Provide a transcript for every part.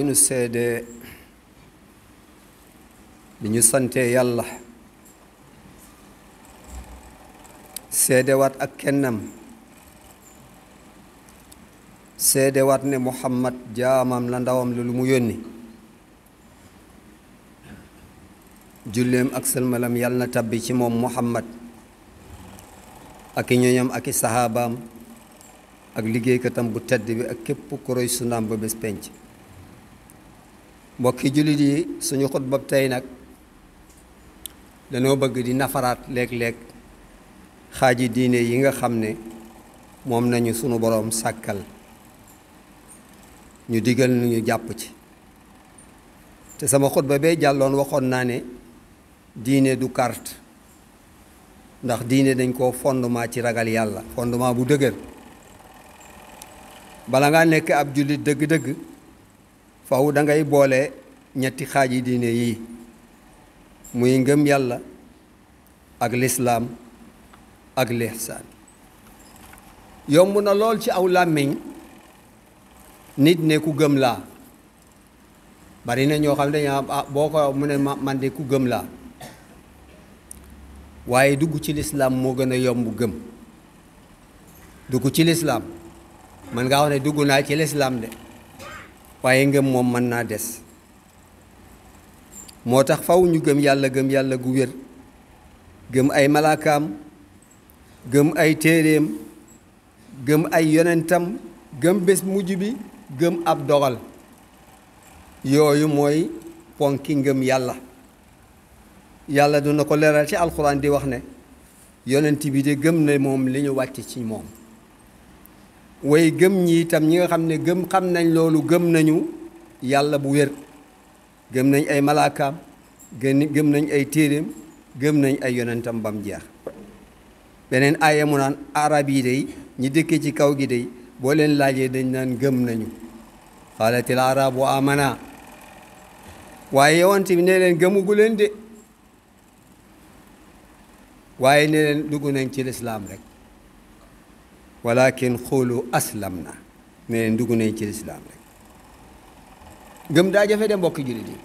bi nu seedee bi ñu santee yàlla seedewaat ak kennam seedewaat ne muhammad jaamam la ndawam la lu mu yónni julleem ak sëlmalam yàlla na tabbi ci moom muhammad ak i ñoñam ak i saxaabaam ak liggéeykatam bu tedd bi ak képp ku roy ba bés penc mbokki jullit yi suñu xutba tey nag dañoo bëgg di nafaraat léeg-léeg xaaji diine yi nga xam ne moom nañu sunu boroom sàkkal ñu digal ñu jàpp ci te sama xutba bee jàlloon waxoon naa ne diine du kart ndax diine dañ koo fondement ci ragal yàlla fondement bu dëgër bala ngaa nekk ab jullit dëgg-dëgg faw dangay boole ñetti xaaj xaaji diine yi muy ngëm yàlla ak lislaam ak lihsaan yomb na lool ci aw làmmiñ nit ne ku gëm laa bari na ñoo xam ne dañu ah, boo ko mu ne man de ku gëm laa waaye dugg ci lislaam moo gën a yomb gëm dugg ci lislaam man ngaa wax ne dugg naa ci lislaam de waaye ngëm moom mën naa des moo tax faw ñu gëm yàlla gëm yàlla gu wér gëm ay malaakaam gëm ay téeréem gëm ay yonentam gëm bés mujj bi gëm ab dogal yooyu mooy ponki ngëm yàlla yàlla na ko leeral ci alxuraan di wax ne yonent bi de gëm na moom li ñu wàcc ci moom way gëm ñi itam ñi nga xam ne gëm xam nañ loolu gëm nañu yàlla bu wér gëm nañ ay malaakam gën gëm nañ ay téeréem gëm nañ ay yonentam bam jeex beneen aaya mu naan arab yi day ñi dëkkee ci kaw gi day boo leen laajee dañ naan gëm nañu qaalatil arabu amana waaye yowante bi ne leen gëmugu leen de waaye ne leen dugg nañ ci lislaam rek walakin xoolu aslam na ne leen dugg nañ ci lislaam rek gëm daa jafe de mbokki jullit yi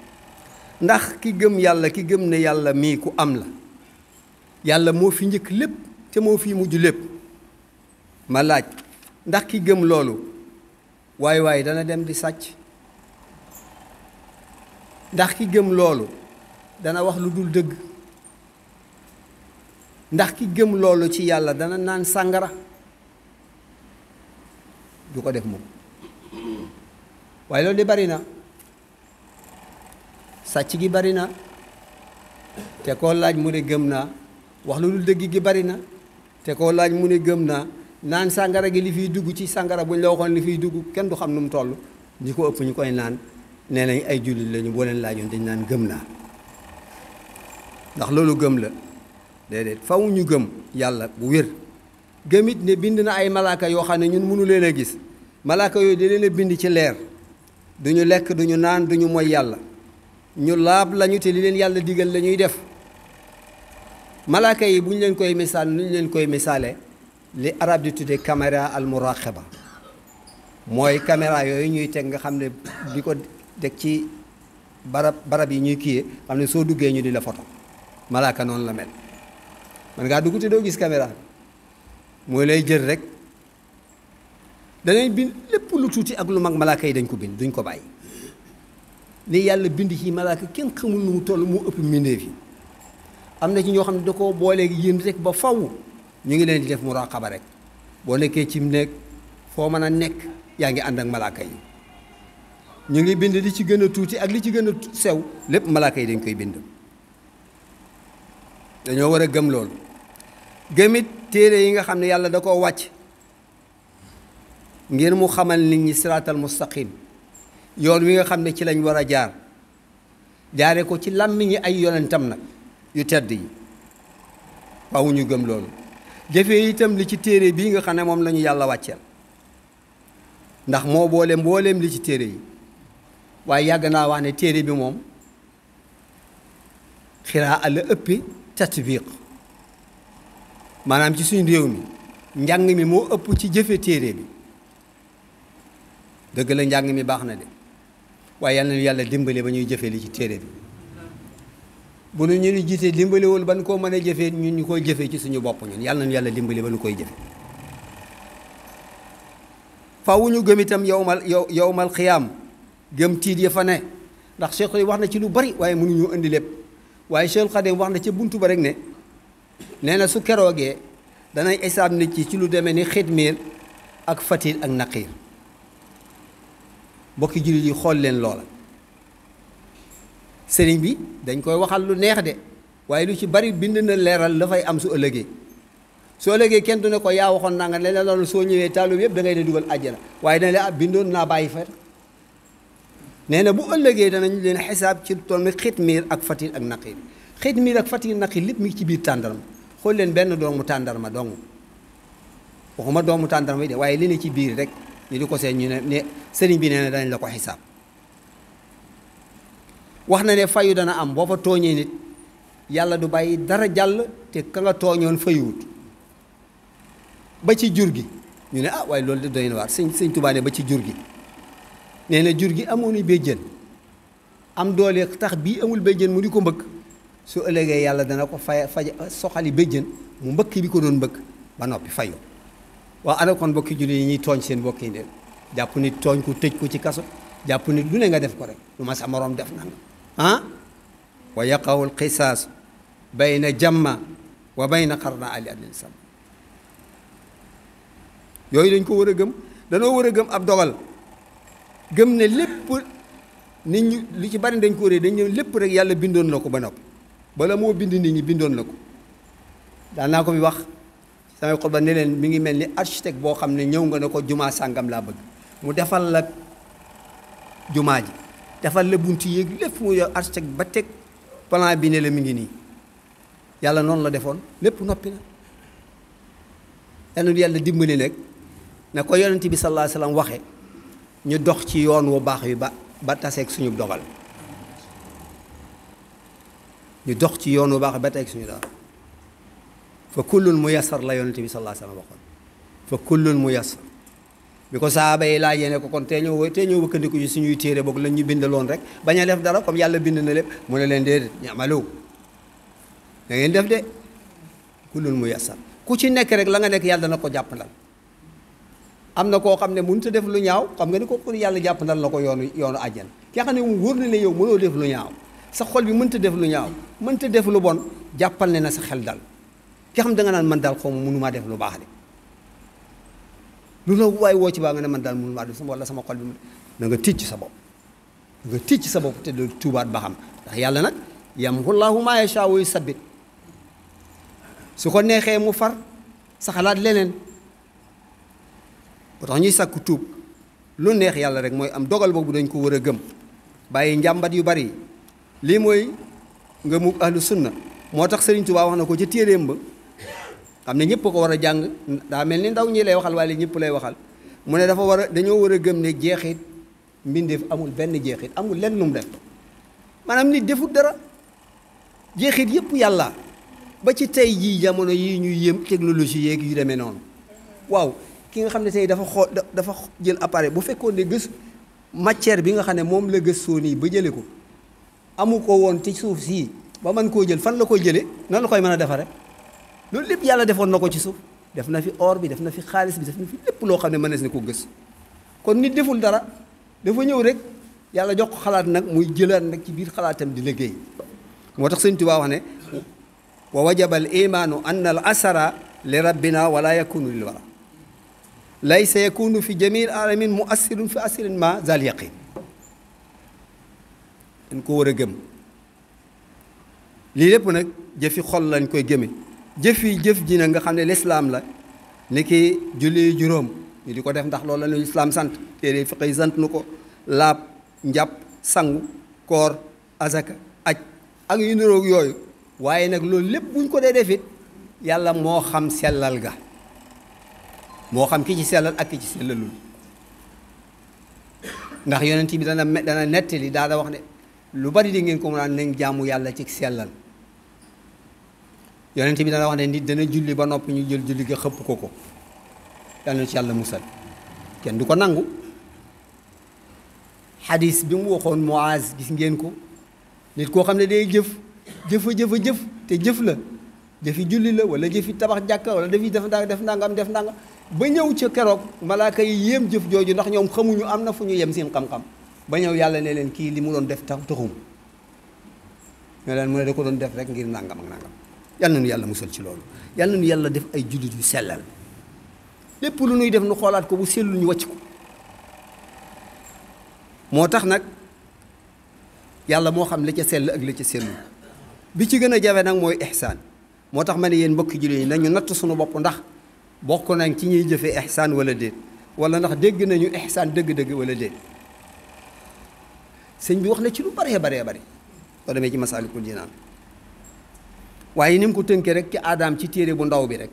ndax ki gëm yàlla ki gëm na yàlla mii ku am la yàlla moo fi njëkk lépp te moo fi mujj lépp ma laaj ndax ki gëm loolu waaye waaye dana dem di sàcc ndax ki gëm loolu dana wax lu dul dëgg ndax ki gëm loolu ci yàlla dana naan sàngara du ko def mukk waaye loolu di bari na sàcc gi bari na te koo laaj mu ne gëm naa wax lu dul dëgg gi bari na te koo laaj mu ne gëm naa naan sàngara gi li fiy dugg ci sàngara buñ la waxoon li fiy dugg kenn du xam nu mu toll ñi ko ëpp ñu koy naan nee nañ ay jullit lañu boo leen laajoon dañ naan gëm naa ndax loolu gëm la déedéet faw ñu gëm yàlla bu wér gëmit ne bind na ay malaaka yoo xam ne ñun mënu leen a gis malaaka yooyu di leen a bind ci leer du ñu lekk du ñu naan du ñu moy yàlla ñu laab lañu te li leen yàlla digal la ñuy def malaaka yi bu ñu leen koy misaal nu leen koy misaale li arab di tudde caméra al mooy caméra yooyu ñuy teg nga xam ne di ko deg ci barab barab yi ñuy kiiyee xam ne soo duggee ñu di la photo malaaka noonu la mel man ngaa dugg te doo gis caméra mooy lay jël rek danañ bind lépp lu tuuti ak lu mag malaaka yi dañ ko bind duñ ko bàyyi ni yàlla bind ci malaaka kenn xamul nu mu toll mu ëpp mbindeef yi am na ci ñoo xam ne da koo booleeg yéen rek ba faw ñu ngi leen di def muraqaba rek boo nekkee ci nekk foo mën a nekk yaa ngi ànd ak malaaka yi ñu ngi bind li ci gën a tuuti ak li ci gën a sew lépp malaaka yi dañ koy bind dañoo war a gëm loolu gëmit téere yi nga xam ne yàlla da koo wàcc ngir mu xamal nit ñi siraatal mustaqim yoon wi nga xam ne ci lañ war a jaar jaare ko ci làmmiñi ay yonentam nag yu tedd yi waaw gëm loolu jëfee itam li ci téere bii nga xam ne moom lañu yàlla wàcceel ndax moo boole mbooleem li ci téere yi waaye yàgg naa wax ne téere bi moom xiraa la ëppi tatbiq maanaam ci suñu réew mi njàng mi moo ëpp ci jëfe téere bi dëgg la njàng mi baax na de waaye yàlla na yàlla dimbale ba ñuy jëfe li ci téere bi bu nu ñu jiitee dimbalewul ba nu koo mën a jëfee ñun ñu koy jëfee ci suñu bopp ñun yàlla yàlla dimbale ba nu koy jëfe faaw ñu gëm itam yowmal yow yowmal xiyaam gëm tiit ya fa ne ndax Cheikh wax na ci lu bari waaye mënuñu indi lépp waaye Cheikh Xadim wax na ca bunt ba rek ne nee na su keroogee danay isaab nit ci ci lu demee ni miir ak fatir ak naqiir mbokki jullit yi xool leen loola sëriñ bi dañ koy waxal lu neex de waaye lu ci bari bind na leeral dafay am su ëllëgee su ëllëgee kenn du ne ko yaa waxoon naa nga la loolu soo ñëwee taalum yëpp dangay ngay ne dugal àjjana waaye dana la ah, bindoon naa bàyyi fa nee na bu ëllëgee danañ leen xisaab ci toll ni xitmiir ak fatir ak naqiir xeet mii ak fat yi naqi lépp mi ngi ci biir tàndarma xool leen benn doomu tàndarma dong waxuma doomu tàndarma yi de waaye li ci biir rek ñu di ko seen ñu ne ne sëriñ bi nee na danañ la ko xisaab wax na ne fayu dana am boo fa tooñee nit yàlla du bàyyi dara jàll te ka nga tooñoon fayuwut ba ci jur gi ñu ne ah waaye loolu de doy na waar sëñ sëñ Tuubaa ba ci jur gi nee na jur gi amoon béjjën am doole tax bii amul béjjën mu di ko mbëgg su ëllëgee yàlla dana ko fay faj soxali béjjën mu mbëkk bi ko doon mbëkk ba noppi fayu waa ana bokki mbokki jullit yi ñuy tooñ seen mbokk yi de jàpp nit tooñ ko tëj ko ci kaso jàpp nit lu ne nga def ko rek lu ma sa moroom def nanga ah wa yaqahu alqisaas bayna jamma wa bayna xarna ali adlin sam yooyu dañ ko war a gëm danoo war a gëm ab dogal gëm ne lépp nit ñu lu ci bari dañ ko dañ lépp rek yàlla bindoon na ko ba noppi bala moo bind nit ñi bindoon na ko daan naa ko fi wax samay xol ba ne leen mi ngi mel ni architecte boo xam ne ñëw nga ne ko jumaa sàngam laa bëgg mu defal la jumaa ji defal la bunt yéeg lépp mu yor architecte ba teg plan bi ne la mi ngi nii yàlla noonu la defoon lépp noppi na yàlla yàlla dimbali nag na ko yonent bi sallallahu waxe ñu dox ci yoon wu baax wi ba ba taseeg suñu dogal ñu dox ci yoon bu baax ba tey suñu daara fa kullun muyassar la yonent bi sallallahu alayhi wa sallam waxoon fa kullun ko saaba yi laajee ne ko kon tee ñëw tee ñëw wëkkandiku ci suñuy téere boog lañ ñu loon rek bañ a def dara comme yàlla bind na lépp mu ne leen de ñaamalu da ngeen def de kullun muyassar ku ci nekk rek la nga nekk yàlla na ko jàppandal am na koo xam ne mënut a def lu ñaaw xam nga ni ko yàlla jàppandal la ko yoonu yoonu àjjana ki nga xam ne mu wóor na ne yow mënoo def lu ñaaw sa xol bi mën mënta def lu ñaaw mënta def lu bon jàppal ne na sa xel dal ki xam da naan man daal xaw ma mënumaa def lu baax de lu la waaye woo ci baa nga ne man daal mënumaa def sama wala sama xol bi na nga tiit ci sa bopp nga tiit ci sa bopp te doo tuubaat ba xam ndax yàlla nag yamhu llaahu maa yashaa wa yusabbit su ko neexee mu far sa xalaat leneen ba tax ñuy sàkku tuub lu neex yàlla rek mooy am dogal boobu dañ ko war a gëm bàyyi njàmbat yu bari lii mooy nga mu ahlu sunna moo tax Sëriñ Tuubaa wax na ko ci téeréem ba xam ne ñëpp ko war a jàng daa mel ni ndaw ñii lay waxal waaye ñëpp lay waxal mu ne dafa war a dañoo war a gëm ne jeexit mbindeef amul benn jeexit amul lenn lu mu def maanaam nit defut dara jeexit yëpp yàlla ba ci tey jii jamono yi ñuy yéem technologie yeeg yu demee noonu waaw ki nga xam ne tey dafa xool dafa jël appareil bu fekkoon ne gës matière bi nga xam ne moom la gëstoo nii ba jëlee ko. amu ko woon ci suuf sii ba man koo jël fan la koy jëlee nan la koy mën a defare loolu lépp yàlla defoon na ko ci suuf def na fi or bi def na fi xaalis bi def na fi lépp loo xam ne mënees na ko gës kon nit deful dara dafa ñëw rek yàlla jox ko xalaat nag muy jëlaat nag ci biir xalaatam di liggéey moo tax sëñ Tuubaa wax ne wa wajaba al asara li rabbina wala yakunu lil wara laysa yakunu fi jamil alamin muassirun fi asirin ma zal dañ ko war a gëm lii lépp nag jëfi xol lañ koy gëme jëfi jëf ji nag nga xam ne lislaam la ni ki julli juróom ñu di ko def ndax lool la ñu lislaam sant téere fiqh yi sant nu ko laab njàpp sangu koor azaka aj ak yu niroog yooyu waaye nag loolu lépp buñ ko dee defit yàlla moo xam sellal ga moo xam ki ci sellal ak ki ci sellalul ndax yonent bi dana dana nettali daa da wax ne lu bari di ngeen ko mën a nañ jaamu yàlla ci sellal yonent bi dana wax ne nit dana julli ba noppi ñu jël julli ga xëpp ko ko yal na ci yàlla musal kenn du ko nangu xadis bi mu waxoon Muaz gis ngeen ko nit koo xam ne day jëf jëfa jëf te jëf la jëfi julli la wala jëfi tabax jàkka wala dafi def ndanga def ndangam def ndanga ba ñëw ca keroog malaaka yi yéem jëf jooju ndax ñoom xamuñu am na fu ñu yem seen xam-xam ba ñëw yàlla ne leen kii li mu doon def tax taxum ne leen mu ne da ko doon def rek ngir nangam ak nangam yal na yàlla musal ci loolu yal na nu yàlla def ay jullit yu sellal lépp lu nuy def nu xoolaat ko bu sellul ñu wàcc ko moo tax nag yàlla moo xam li ca sell ak li ca sellul bi ci gën a jafe nag mooy ihsaan moo tax ma ne yéen mbokki jullit yi nañu natt suñu bopp ndax bokk nañ ci ñuy jëfee ihsaan wala déet wala ndax dégg nañu ihsaan dëgg-dëgg wala déet sëñ bi wax na ci lu bëree baree bëri soo demee ci masaalikul jinaan waaye ni mu ko tënkee rek ci aadaam ci téere bu ndaw bi rek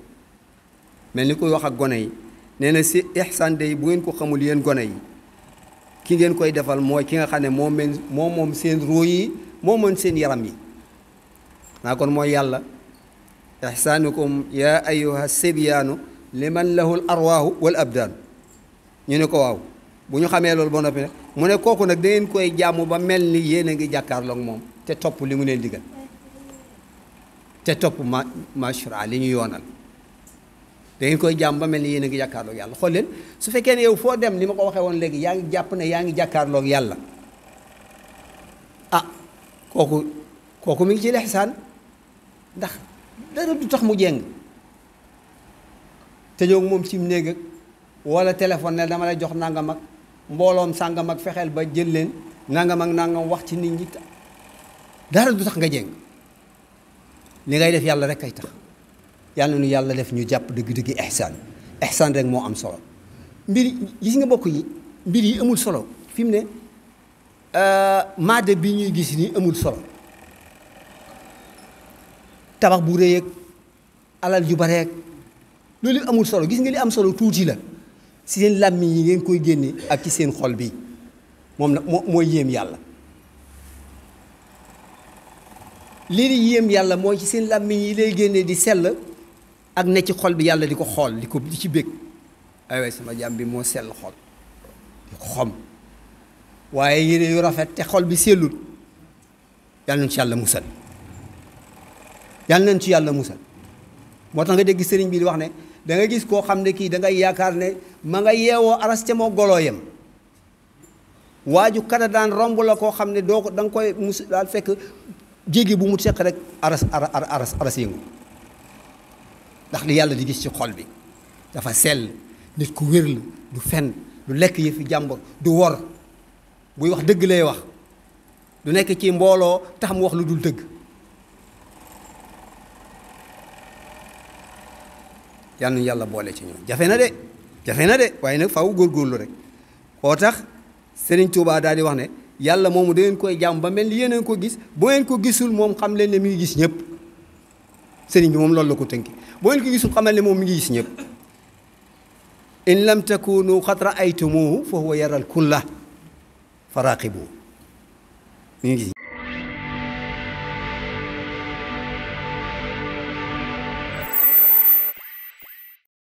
mel ni koy wax ak gone yi nee na si ihsaan day bu ngeen ko xamul yéen gone yi ki ngeen koy defal mooy ki nga xam ne moo men moo moom seen ruu yi moo mën seen yaram yi naa kon mooy yàlla ihsaanukum yaa ayyuha sibyaanu liman lahu l arwaahu wal abdaanu ñu ne ko waaw bu ñu xamee loolu ba noppi nag mu ne kooku nag da ngeen koy jàmm ba mel ni yéen ngi jàkkaarloog moom te topp li mu leen digal te topp ma mashura li ñu yoonal da ngeen koy jàmm ba mel ni yéen a ngi jàkkaarloog yàlla xool leen su fekkee ne yow foo dem li ko waxee woon léegi jàpp ne yaa ngi jàkkaarloog yàlla ah kooku kooku mi ngi ci lexsaan ndax dara du tax mu jeng te ñoo moom ci néeg ak wala téléphone ne dama lay jox nangam ak mbooloom sàngam ak fexeel ba jël leen nangam ak nangam wax ci nit ñi dara du tax nga jéng li ngay def yàlla rek kay tax yàlla nu yàlla def ñu jàpp dëgg-dëgg ihsaan ihsaan rek moo am solo mbir gis nga bokk yi mbir yi amul solo fi mu ne euh, maade bi ñuy gis nii amul solo tabax bu rëy ak alal ju loolu amul solo gis nga li am solo tuuti la si seen làmmiñ yi ngeen koy génne ak ci seen xol bi moom nag moo mooy yéem yàlla lii di yéem yàlla mooy ci seen làmmiñ yi lay génne di sell ak ne ci xol bi yàlla di ko xool di ko di ci bëgg ay sama jàmm bi moo sell xol di ko xom waaye yére yu rafet te xol bi sellut yàlla nañ ci yàlla musal yàlla nañ ci yàlla musal moo tax nga dégg sëriñ bi di wax ne da nga gis koo xam ne kii da ngay yaakaar ne ma nga yeewoo aras ca moo goloo yam waaju kada daan romb la koo xam ne doo ko danga koy mus daal fekk jéegi bu mu seq rek aras aras yëngu ndax li yàlla di gis ci xol bi dafa sell nit ku wér la du fen du lekk yëfi jàmbur du wor buy wax dëgg lay wax du nekk ci mbooloo tax mu wax lu dul dëgg yàlla nañu yàlla boole ci ñoom jafe na de jafe na de waaye nag faaw góorgóorlu rek koo tax Serigne Touba daal di wax ne yàlla moomu da koy jàmm ba mel ni yéen ko gis bu ngeen ko gisul moom xam leen ne mi ngi gis ñëpp Serigne bi moom loolu la ko tënki bu ngeen ko gisul xamal ne moom mi ngi gis ñëpp in lam xat raaytumuhu fa huwa yaral kulla faraqibu mi ngi